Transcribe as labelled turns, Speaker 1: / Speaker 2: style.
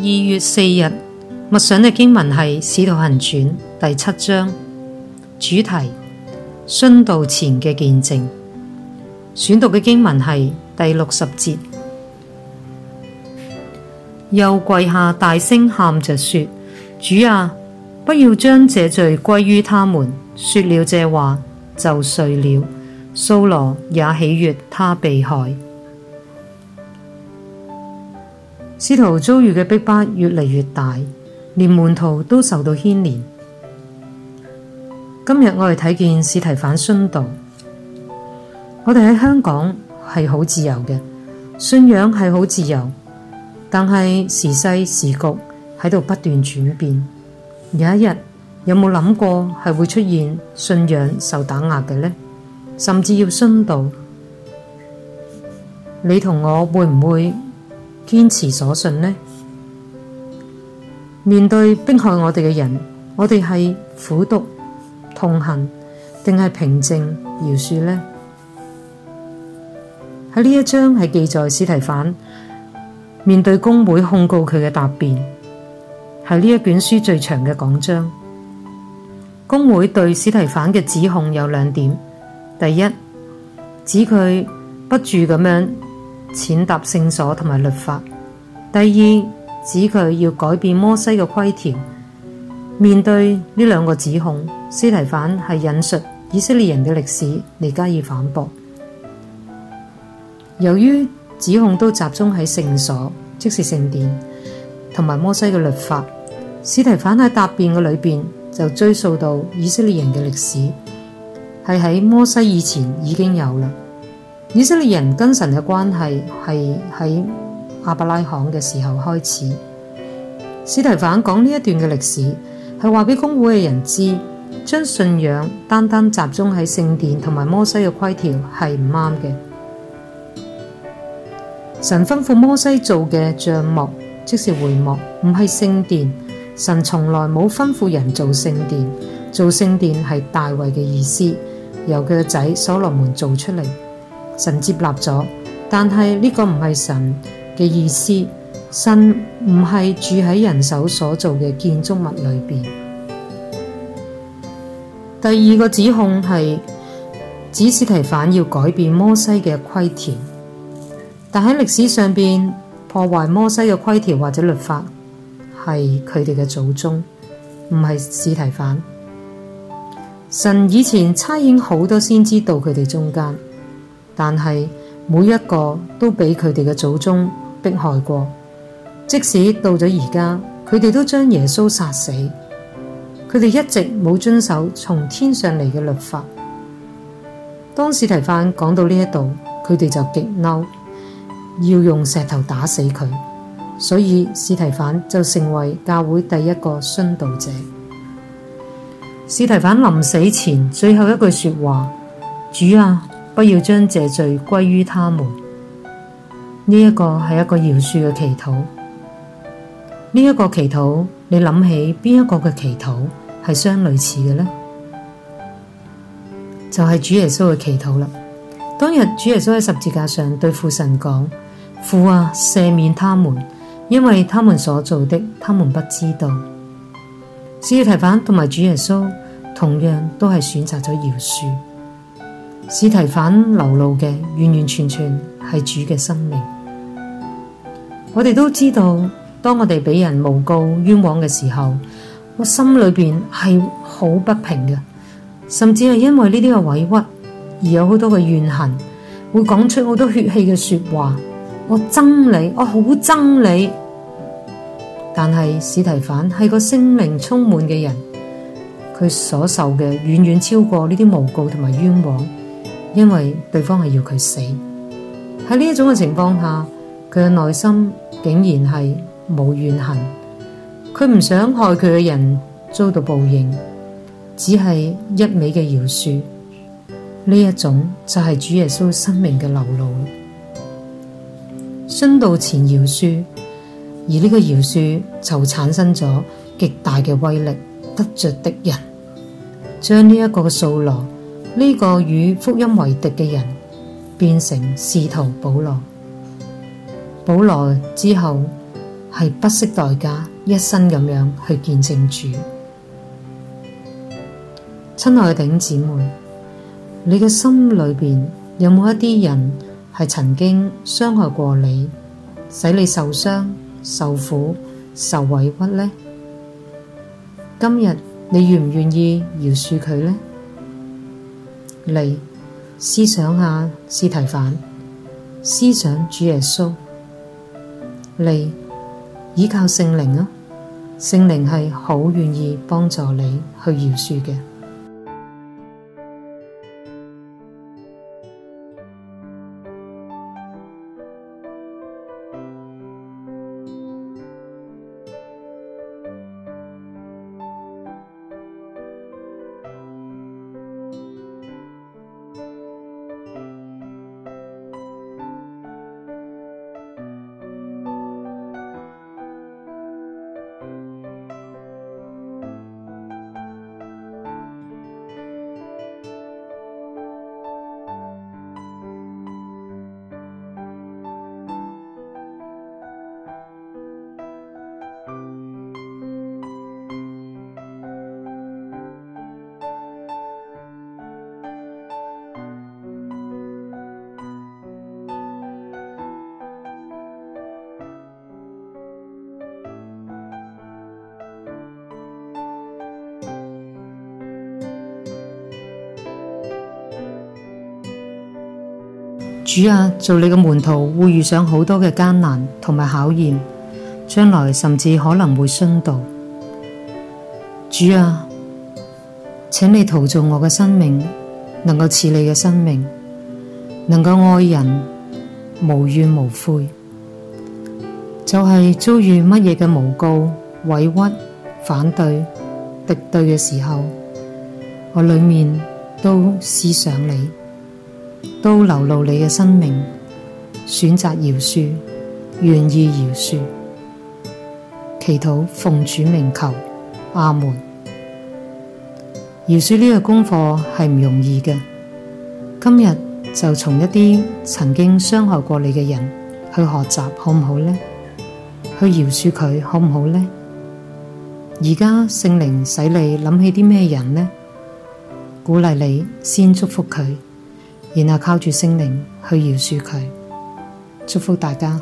Speaker 1: 二月四日默想嘅經文係《使徒行傳》第七章，主題，殉道前嘅見證。選讀嘅經文係第六十節，又跪下大聲喊着說：主啊，不要將這罪歸於他們。說了這話就睡了。掃羅也喜悦他被害。使徒遭遇嘅逼迫，迫越嚟越大，連門徒都受到牽連。今日我哋睇見史提反殉道，我哋喺香港係好自由嘅，信仰係好自由，但係時勢時局喺度不斷轉變，有一日有冇諗過係會出現信仰受打壓嘅呢？甚至要殉道，你同我會唔會？堅持所信呢？面對迫害我哋嘅人，我哋係苦毒痛恨，定係平靜饒恕呢？喺呢一章係記載司提反面對公會控告佢嘅答辯，係呢一本書最長嘅講章。公會對司提反嘅指控有兩點：第一，指佢不住咁樣。踐踏聖所同埋律法。第二，指佢要改變摩西嘅規條。面對呢兩個指控，斯提反係引述以色列人嘅歷史嚟加以反駁。由於指控都集中喺聖所，即是聖殿同埋摩西嘅律法，斯提反喺答辯嘅裏邊就追溯到以色列人嘅歷史，係喺摩西以前已經有啦。以色列人跟神嘅關係係喺亞伯拉罕嘅時候開始。史提反講呢一段嘅歷史係話俾公會嘅人知，將信仰單單，單集中喺聖殿同埋摩西嘅規條係唔啱嘅。神吩咐摩西做嘅帳幕，即是會幕，唔係聖殿。神從來冇吩咐人做聖殿，做聖殿係大衛嘅意思，由佢嘅仔所羅門做出嚟。神接納咗，但係呢個唔係神嘅意思。神唔係住喺人手所做嘅建築物裏面。第二個指控係指使提反要改變摩西嘅規條，但喺歷史上面破壞摩西嘅規條或者律法係佢哋嘅祖宗，唔係使提反。神以前差遣好多先知到佢哋中間。但係每一個都俾佢哋嘅祖宗迫害過，即使到咗而家，佢哋都將耶穌殺死，佢哋一直冇遵守從天上嚟嘅律法。當司提反講到呢一度，佢哋就極嬲，要用石頭打死佢，所以司提反就成為教會第一個殉道者。司 提反臨死前最後一句說話，主啊！不要將這罪歸於他們，呢一個係、這個、一個饒恕嘅祈禱。呢一個祈禱，你諗起邊一個嘅祈禱係相類似嘅呢？就係、是、主耶穌嘅祈禱啦。當日主耶穌喺十字架上對父神講：父啊，赦免他們，因為他們所做的，他們不知道。司提反同埋主耶穌同樣都係選擇咗饒恕。史提反流露嘅完完全全係主嘅生命。我哋都知道，當我哋俾人誣告冤枉嘅時候，我心裏邊係好不平嘅，甚至係因為呢啲嘅委屈而有好多嘅怨恨，會講出好多血氣嘅說話。我憎你，我好憎你。但係史提反係個生命充滿嘅人，佢所受嘅遠遠超過呢啲誣告同埋冤枉。因為對方係要佢死，喺呢一種嘅情況下，佢嘅內心竟然係冇怨恨，佢唔想害佢嘅人遭到報應，只係一味嘅饒恕。呢一種就係主耶穌生命嘅流露，殉道前饒恕，而呢個饒恕就產生咗極大嘅威力，得着敵人將呢一個嘅掃羅。呢個與福音為敵嘅人，變成使徒保羅。保羅之後係不惜代價，一生咁樣去見證主。親愛弟兄姊妹，你嘅心裏邊有冇一啲人係曾經傷害過你，使你受傷、受苦、受委屈呢？今日你願唔願意饒恕佢呢？嚟，思想下，啊，司提反，思想主耶穌，嚟，依靠聖靈啊，聖靈係好願意幫助你去饒恕嘅。主啊，做你嘅門徒會遇上好多嘅艱難同埋考驗，將來甚至可能會殉道。主啊，請你陶造我嘅生命，能夠似你嘅生命，能夠愛人，無怨無悔。就係、是、遭遇乜嘢嘅誣告、委屈、反對、敵對嘅時候，我裏面都思想你。都流露你嘅生命，選擇饒恕，願意饒恕，祈禱奉主名求，阿門。饒恕呢個功課係唔容易嘅，今日就從一啲曾經傷害過你嘅人去學習，好唔好呢？去饒恕佢，好唔好呢？而家聖靈使你諗起啲咩人呢？鼓勵你先祝福佢。然後靠住聖靈去饒恕佢，祝福大家。